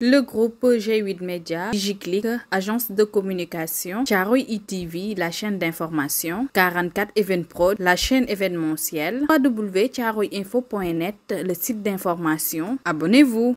Le groupe G8 Media, DigiClick, agence de communication, Charoui ITV, la chaîne d'information, 44 Event la chaîne événementielle, www.charouiinfo.net, le site d'information. Abonnez-vous.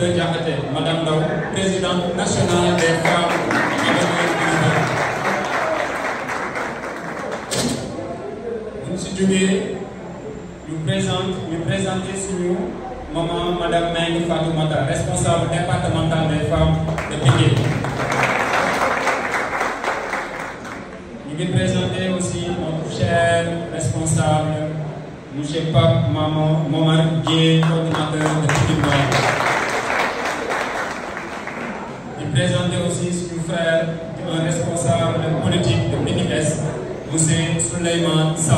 de Madame la présidente nationale des femmes et ñu Monsieur nous nous présente sur nous, maman Madame Mayni Fatoumata responsable départementale des femmes de Pikine. Nous ngi présenter aussi notre cher responsable monsieur Pape Maman Maman, Gué, coordinateur de Pikine un responsable politique de PDS, M. Souleyman Sall.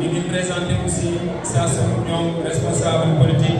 Nous lui présentons aussi sa son responsable politique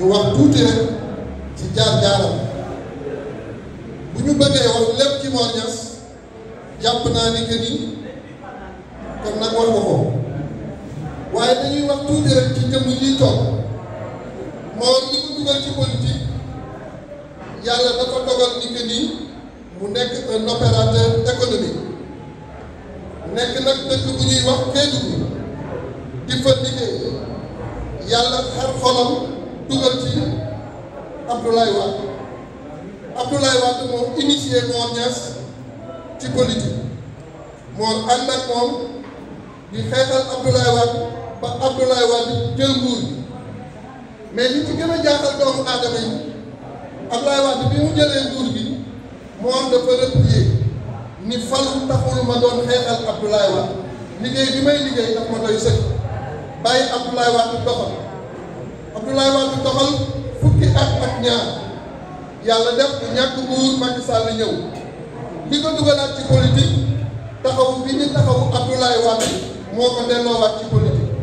ñu wax tuuti ci jaar-jaaram bu ñu bëggee wax lépp ci Mor Niass jàpp naa ni que ni kon nag war nga ko waaye dañuy wax tuuti rek ci jëmm yi toog Mor li ko dugal ci politique yàlla dafa dogal ni que ni mu nekk un opérateur nekk nag dëkk bu ñuy wax Kédougou di fa liggéey yàlla xar xolam. dugal ci Abdoulaye Wade Abdoulaye Wade moo initié Mor Niass ci politique moo ànd ak moom di xeexal Abdoulaye Wade ba Abdoulaye Wade jël nguur mais li ci gën a jaaxal doomu aadama yi Abdoulaye Wade bi mu jëlee nguur gi moom dafa replier ni falu taxul ma doon xeexal Abdoulaye Wade liggéey bi may liggéey daf ma doy sëkk bàyyi Abdoulaye Wade doxal Abdoulaye Wade doxal fukki at ak ñaar yàlla def bu ñàkk nguur Macky Sall ñëw li ko dugalaat ci politique taxaw bi ñu taxawu Abdoulaye Wade moo ko delloowaat ci politique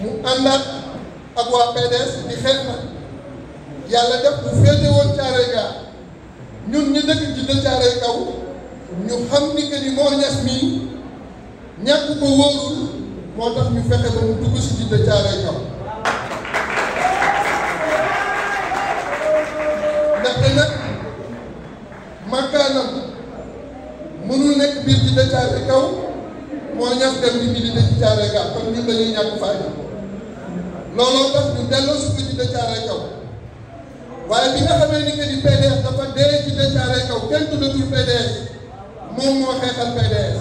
mu àndaat ak waa PDS di xeex nag yàlla def bu féete woon Thiaroye Gare ñun ñu dëkk ci de kaw ñu xam ni que moo ñas mii ñàkk ko wóorul moo tax ñu fexe ba dugg ci de Thiaroye kaw moo ñàkk dem di milité ci Thiaroye Gare kon ñun dañuy ñàkk fayda looloo tax ñu delloo suñu ci Thiaroye Kaw waaye bi nga xamee ni que ni PDS dafa dee ci Thiaroye Kaw kenn tuddatul PDS moom moo xeexal PDS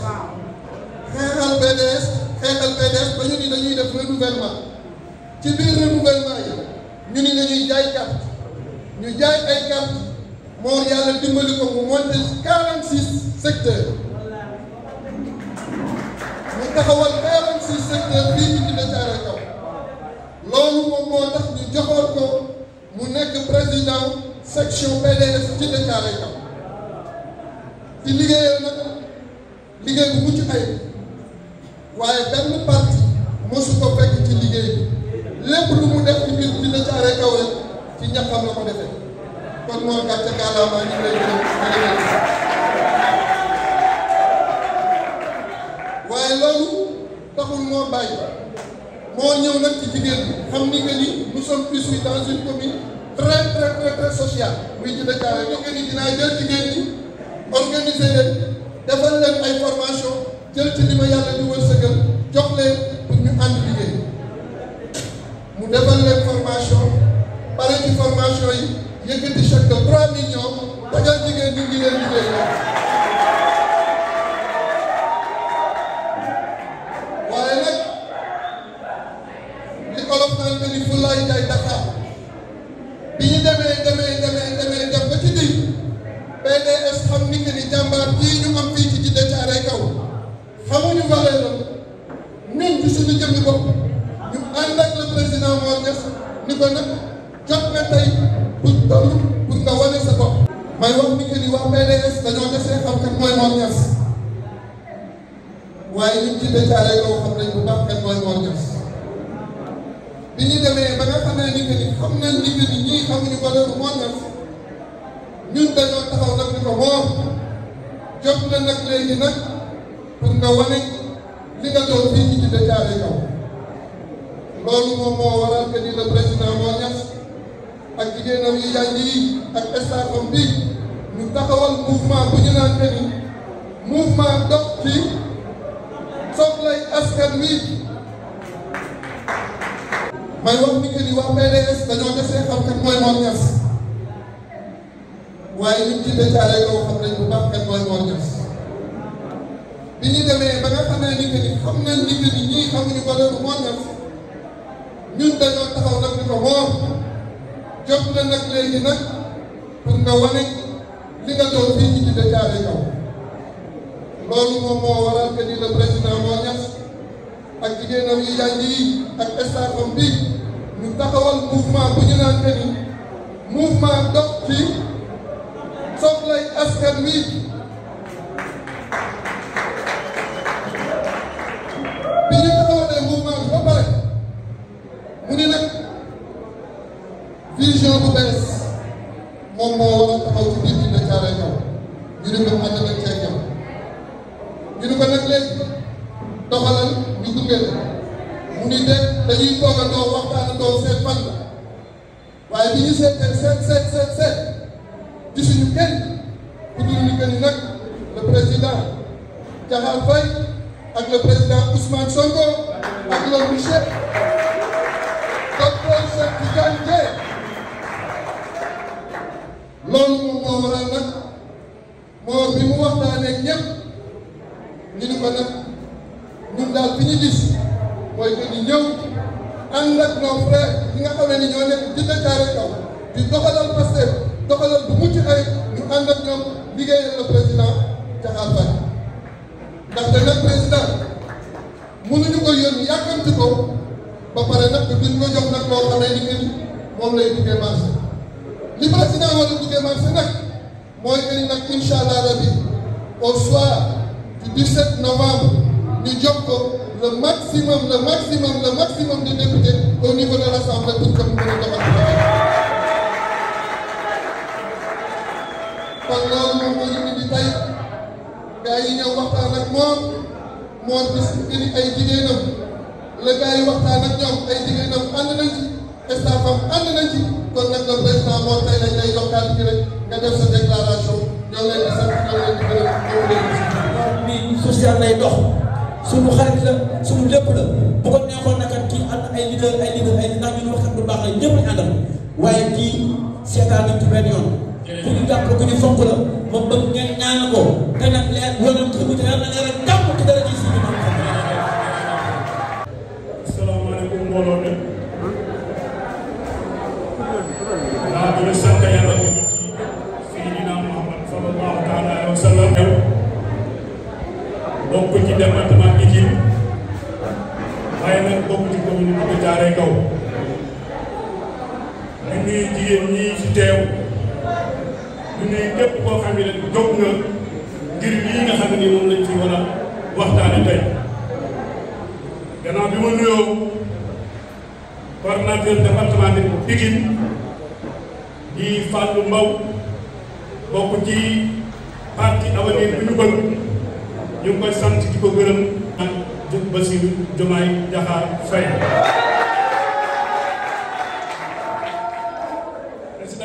xeexal PDS ba ñu ni dañuy def renouvellement ci biir renouvellement yi ñu ni dañuy jaay carte ñu jaay ay carte moo yàlla dimbali ko mu monté 46 secteurs. taxawal 46 secteurs fii ci Djidah Thiaroye Kaw loolu moom moo tax ñu joxoon ko mu nekk président section PDS ci Djidah Thiaroye Kaw ci liggéeyal nag liggéey bu mucc ayib waaye benn parti mosu ko fekk ci liggéey lépp lu mu def ci biir Djidah Thiaroye ci ñaxam la ko defee kon moom gàcce kàllaama ñu ngi lay gërëm waaye loolu taxul moo bàyyi moo ñëw nag ci jigéen bi xam ni que ni nous sommes issus dans une commune très très très très social muy Djidah Thiaroye ñu ko ni dinaa jël jigéen ñi organiser leen defal leen ay formation jël ci li ma di wërsëgal jox leen pour ñu ànd liggéey mu defal leen formation pare ci formation yi yëkkati chèque 3 millions dagal jigéen ñi ngi leen liggéey waaye liñ ci détaillé yow xam nañ bu baax kan mooy Mor Niass bi ñu demee ba nga xam ne ni que ni xam nañ ni que ni ñii xamuñu valeur Mor Niass ñun dañoo taxaw nag di ko woo jot na nag léegi nag pour nga wane li nga doon fii ñu ci détaillé yow loolu moom moo waral que ni le président Mor Niass ak jigéenam yi yaa ngi ak stafam bi ñu taxawal mouvement bu ñu naan que ni mouvement dox ci. askan wi may wax ni que ni waa PDS dañoo desee xam kat mooy Mor Niass waaye ñun ci détaillé loo xam nañ bu baax kat ba nga xamee ni que xam nañ ni que ni ñii xamuñu ko doon Mor Niass ñun dañoo taxaw nag di ko woo jot na nag léegi nag pour nga wane li nga doon fii ci détaillé kaw loolu moom moo waral que ni le président Mor Niass. ak jigéenam yi yànj yi ak star fam bi ñu taxawal mouvement bu ñu naan te ni mouvement dox ci soxlay askan wi bi ñu taxawalee mouvement bi ba pare mu ni nag vision bu benn kenn ku dul ni que ni nag le président Diakhar Faye ak le président Ousmane Sonko ak le monsieur docteur Cheikh loolu moo moo bi mu waxtaanee ak ñëpp ni ko nag ñun daal fi ñu gis mooy que ñu ñëw ànd ak nos frères yi nga xam ne ni ñoo nekk di déclaré kaw di doxalal Pastef doxalal bu mucc ànd ak ñoom liggéeyal le président Diakhar Faye ndaxte nag président mënuñu ko yónni yàkkamti ko ba pare nag duñ ko jox nag loo xam ne ni ngeen moom lay duggee marché li président war a duggee marché nag mooy que ni nag incha allah rabi au soir du 17 novembre ñu jox ko le maximum le maximum le maximum de députés au niveau de l'Assemblée pour que mu mën a doxal kon loolu moom moo ñu indi tey gars yi ñëw waxtaan ak moom moom gis indi ay jigéenam la gars yi waxtaan ak ñoom ay jigéenam ànd nañ ci estafam ànd nañ ci kon nag le président moom la suñu lépp la bu ko neexoon nag kii am na ay leader ay leader ay ndax waxtaan bu baax la ñëpp ñu waaye kii seetaan ci benn yoon. ku ñu jàpp ku ñu fonk la moom ba ngeen ñaan ko te nag leer wonam ko te yàlla leer tàmm ci dara ji suñu maam asalaamaaleykum mbooloo mi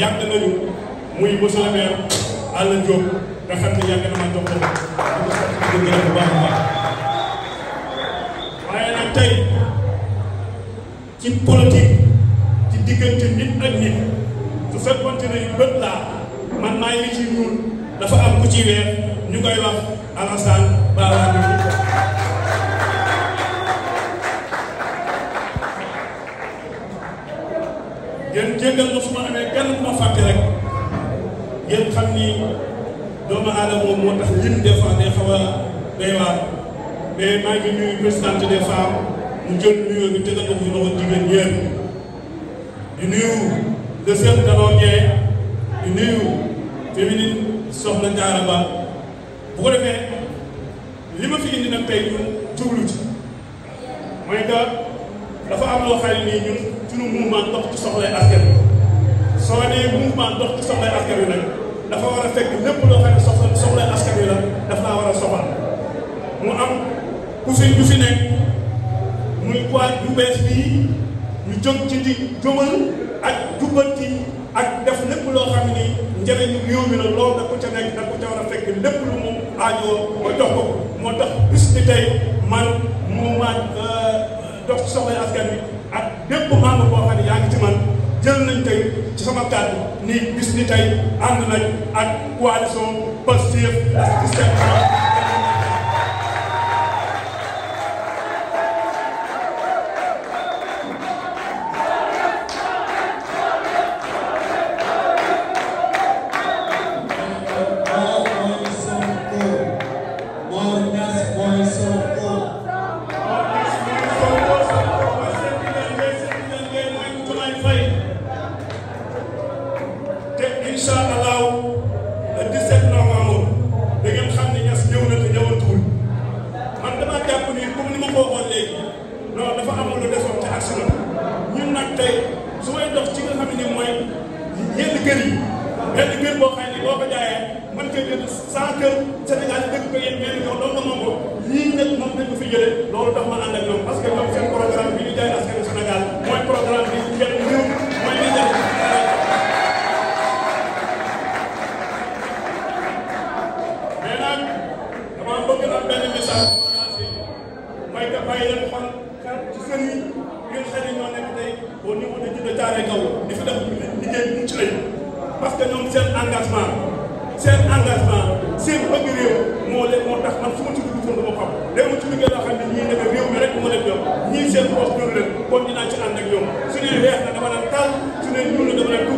yàgg nañu muy monsieur le maire Alla nga xam ne yàgg na ma jox ko di ko sant baax a baax waaye nag tey ci politique ci diggante nit ak nit su fekkoonte ne bët laa man maay li ci ñuul dafa am ku ci weer ñu koy wax Alassane Ba ngeen jéggal ma su ma amee benn bu ma fàtte rek ngeen xam ni doomu aadama moom moo tax lim des fois xaw a day waar mais maa ngi nuyu présidente des femmes mu jël nuyoo bi tegal ko ci loxo jigéen ñëpp nuyu le chef d'arrondissement di nuyu Ba bu ko defee li ma fi indi nag tey ñun mooy que dafa am loo xam nii ñun. suñu mouvement dox ci soxlay askan wi soo nee mouvement dox ci soxlay askan wi nag dafa war a fekk lépp loo xam ne soxlay askan wi la daf war a soxal mu am ku si ku si nekk muy quoi du bees bii jóg ci di jëmal ak jubbanti ak def lépp loo xam ni njëriñu réew mi la loolu da ko ca nekk da ko ca war a fekk lépp lu mu aajoo ma jox ko moo tax bis ni tey man mouvement euh, dox ci soxlay askan màngo boo xam ne yaa ngi ci man jël nañ tey ci sama kàddu ni bis ni tey ànd nañ ak coalition Pastef ci seen blind faith. That inshallah. seen engagement seen bëgg réew moo leen moo tax man su ma ci dugg foofu dama xam léegi ci liggéey loo xam ne ñii demee réew mi rek mu leen ñoom ñii seen poche ñun la kon dinaa ci ànd ak su ne weex na dama naan taal su ne ñuul na dama naan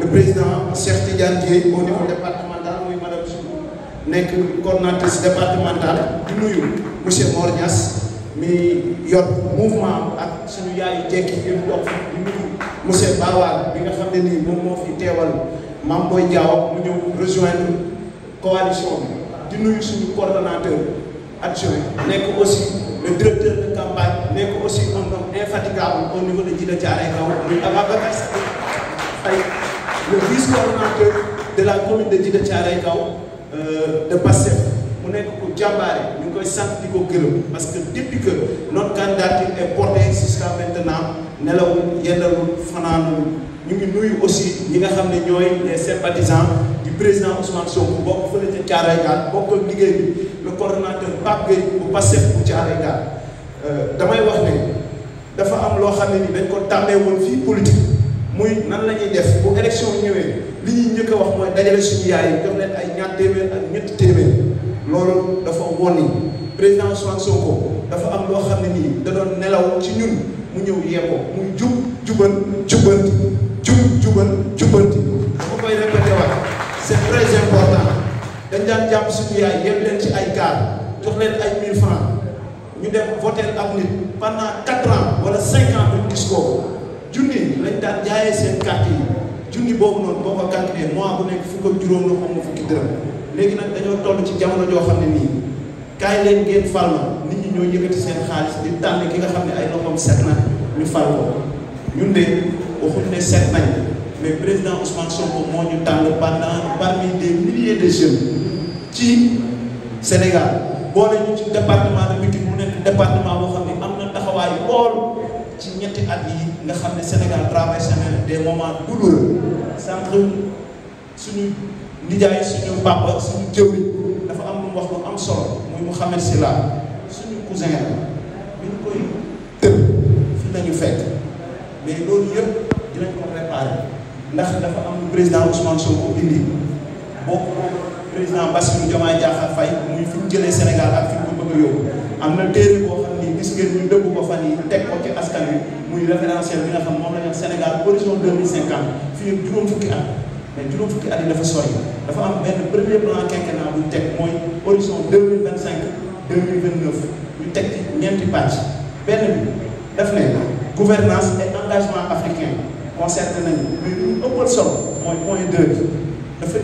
le président Cheikh Tidiane Dièye au niveau départemental muy madame Sow nekk coordonnatrice départementale di nuyu monsieur Mor Niass mi yor mouvement ak suñu yaayu jekki yi mu dox di nuyu monsieur Bawal bi nga xam ne nii moom moo fi teewal Mame Boye Diao mu ñëw rejoindre coalition bi di nuyu suñu coordonnateur adjoint nekk aussi le directeur de campagne nekk aussi un homme infatigable au niveau de Djidah Thiaroye Kao muy Ababacar Faye le vice-coordinateur de la commune de Djidah Thiaroye euh, de Pastef mu nekk ku jàmbaare ñu ngi koy sant gërëm parce que depuis que notre candidature est portée jusqu'à maintenant nelawul yendalul fanaanul ñu ngi nuyu aussi nous nga xam les sympathisants du président Ousmane Sonko bokk fële ca Thiaroye Gare bokk ak liggéey bi le coordinateur Pape Gueye bu Pastef bu Thiaroye Gare euh, damay wax ne dafa am loo xam ni dañ ko tàmmee woon fii politique muy nan la ñuy def bu élection ñëwee li ñuy njëkk a wax mooy dajale suñu yaay yi jox leen ay ñaar téeméer ak ñett téeméer loolu dafa woon ni président Ousmane Sonko dafa am loo xam ne nii da doon nelaw ci ñun mu ñëw yee ko muy jub jubal jubanti jub jubal jubanti dama koy répété waat c'est très important dañ daan jàpp suñu yaay yem leen ci ay kaar jox leen ay mille francs ñu dem voter ak nit pendant dañ daan jaayee seen carte yi junni boobu noonu boo ko calculé mois bu nekk fukk juróom la xam nga fukki dërëm léegi nag dañoo toll ci jamono joo xam ne nii kaay leen ngeen fal ma nit ñi ñoo yëkkati seen xaalis di tànn ki nga xam ne ay loxoom set na ñu fal ko ñun de waxuñu ne set nañ mais président Ousmane Sonko moo ñu tànn pendant parmi des milliers de jeunes ci Sénégal boole ñu ci département de mu nekk département boo xam ne am na taxawaayu bool ci ñetti at yi nga xam Senegal Sénégal traversé na des moments douloureux sànq suñu nijaay suñu papa suñu jëwri dafa am lu wax lu am solo muy mohammed Sila suñu cousin la ñu koy tëb fi lañu fekk mais loolu yëpp dinañ ko préparer ndax dafa am lu président Ousmane Sonko indi bokk président Bassirou Diomaye Diakhar fay muy fi jëlé Sénégal ak fi ko bëgg yow amna téré bo gis ngeen ñu dëggu ko fan ko ci askan muy référentiel bi nga la Sénégal horizon 2050 mais premier plan quinquennal bu horizon 2025 2029 ñu teg ci ñeenti bi gouvernance et engagement africain concerne nañu mais Nous point dafa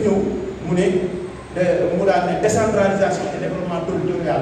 mu euh, mu décentralisation et développement territorial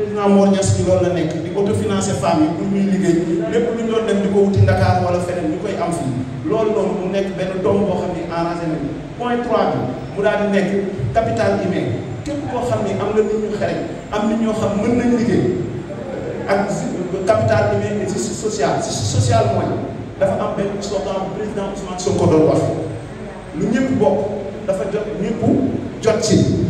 président Mor Niass ci loolu la nekk di autofinancer femmes yi pour ñuy liggéey lépp lu ñu dem di ko wuti Dakar wala feneen ñu koy am fii loolu noonu mu nekk benn doom boo xam ne arrangé nañu point 3 bi mu daal di nekk capital humain képp koo xam ne am na nit ñu xereñ am nit ñoo xam mën nañ liggéey ak capital humain et justice sociale justice sociale mooy dafa am benn slogan bu président Ousmane Sonko doon wax lu ñëpp bokk dafa jot ñëpp jot ci.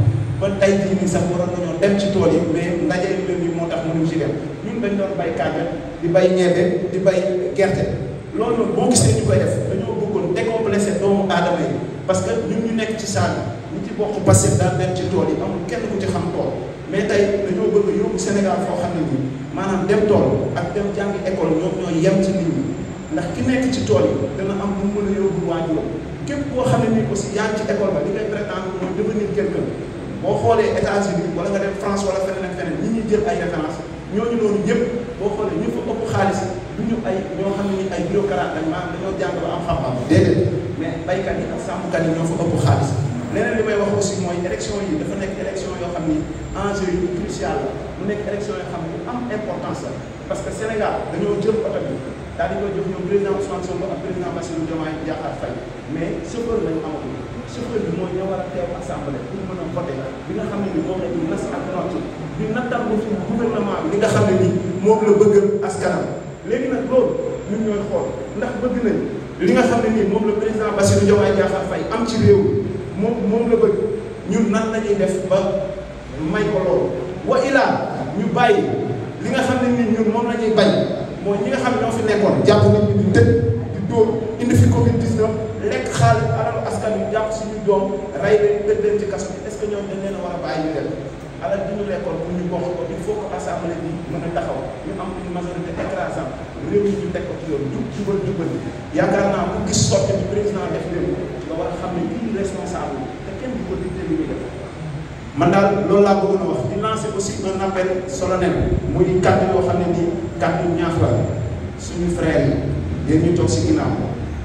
ba tey jii nii sax waroon nañoo dem ci tool yi mais ndaje leen yi moo tax mënuñ ci dem ñun dañ doon bay kànja di bay ñebe di bay gerte loolu boo gisee ñu koy def dañoo bëggoon décomplexé doomu aadama parce que ñun ñu nekk ci saami ci bokk passif daan dem ci tool yi amul kenn ku ci xam tool mais tey dañoo bëgg yóbbu Sénégal foo xam ne nii maanaam dem tool ak dem jàngi école ñoom ñoo yem ci nit ñi ndax ki nekk ci tool yi dana am lu mu mën a yóbbu waajuram képp koo xam ne nii aussi yaa ngi ci école ba li ngay prétendre mooy boo xoolee États-Unis wala nga dem France wala feneen ak feneen ñi ñu jël ay référence ñu noonu ñëpp boo xoolee ñu fa ëpp xaalis du ñu ay ñoo xam ne ni ay bureaucrate lañ maanaam dañoo jàng ba am xam-xam déedéet mais baykat yi ak sàmmkat yi ñoo fa ëpp xaalis leneen li may wax aussi mooy élection yi dafa nekk élection yoo xam ni enjeu yu crucial la mu nekk élection yoo xam ni am importance la parce que Sénégal dañoo jël oto bi daal di koy jox ñoom président Ousmane Sonko ak président Bassirou Diomaye Diakhar Faye mais chauffeur lañu amatul chauffeur bi mooy ñoo war a teew assemblée pour mën a voté bi nga bi li nga xam ne ni moom la bëgg askanam léegi nag loolu ñun ñooy xool ndax bëgg nañ li nga xam ne nii moom la président Bassirou Diomaye Diakhar Faye am ci réew moom moom la bëgg ñun nan la ñuy def ba may ko wa ilaa ñu bàyyi li nga xam ne nii ñun moom la ñuy bañ mooy ñi nga xam ne ñoo fi nekkoon jàpp nañ ñu di tëj indi fi Covid 19 lekk xaalis askan yu jàpp suñu doom rey leen tëj leen ci kaso bi est ce que ñoom dañ leen a war a bàyyi ñu dem alal di ñu lekkoon pour ñu bokk ko il faut que assemblée bi mën a taxaw ñu am une majorité écrasante réew mi ñu teg ko ci yoon jub jubal jubal yaakaar naa ku gis sorte bi président def réew nga war a xam ne kii responsable te kenn du ko dicté lu muy def man daal loolu laa bëggoon a wax di lancer aussi un appel solennel muy kàddu yoo xam ne nii kàddu ñaax suñu frère yi yéen ñu toog si ginnaaw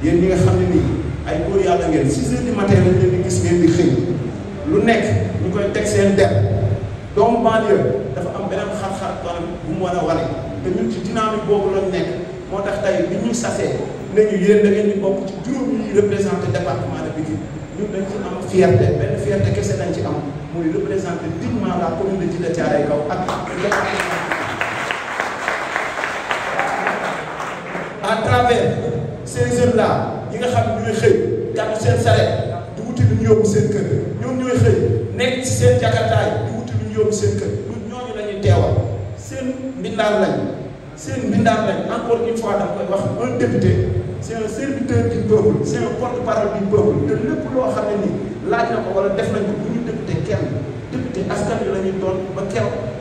yéen ñi nga xam ne nii ay góor yàlla ngeen 6 heures du matin lañ gis ngeen di xëy lu nekk ñu koy teg seen def doomu banlieue dafa am beneen xar-xar kanam bu mu war a te ñun ci dynamique boobu lañ nekk moo tax tey bi ñu sasee ne ñu yéen da ngeen di bokk ci juróom yi représenté département de Pikine ñun dañ ci am fierté benn fierté kese dañ ci am muy représenté dignement la commune de Djiddah Thiaroye Kao ak à travers ces jeunes là ñi nga xam ne ñooy xëy gàddu seen sareet di wuti lu ñu yóbbu seen kër ñoom ñooy xëy nekk ci seen jakartaay di wuti ñu yóbbu seen kër ñun ñooñu la teewal seen mbindaan lañ seen mbindaan lañ encore une fois koy wax un député c'est un serviteur du peuple c'est un porte-parole te lépp loo xam ne nii laaj na ko wala def nañ ko bu ñu député kenn député askan wi la doon ba keroog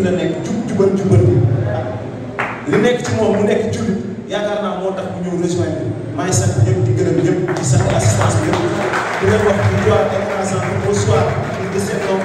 ci la nekk jub jubal jubal li nekk ci moom mu nekk jullit yaakaar naa moo tax bu ñëw rejoindre maa ngi sant ñëpp di gërëm ñëpp di sant assistance bi yëpp di leen wax di joxe ay au soir di septembre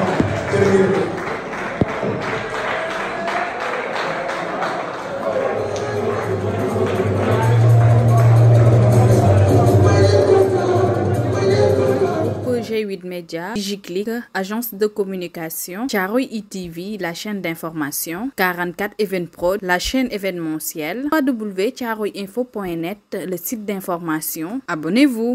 médias Media, DigiClick, agence de communication, Charoy ITV, e la chaîne d'information, 44 Event Pro, la chaîne événementielle, www.charoyinfo.net, le site d'information. Abonnez-vous!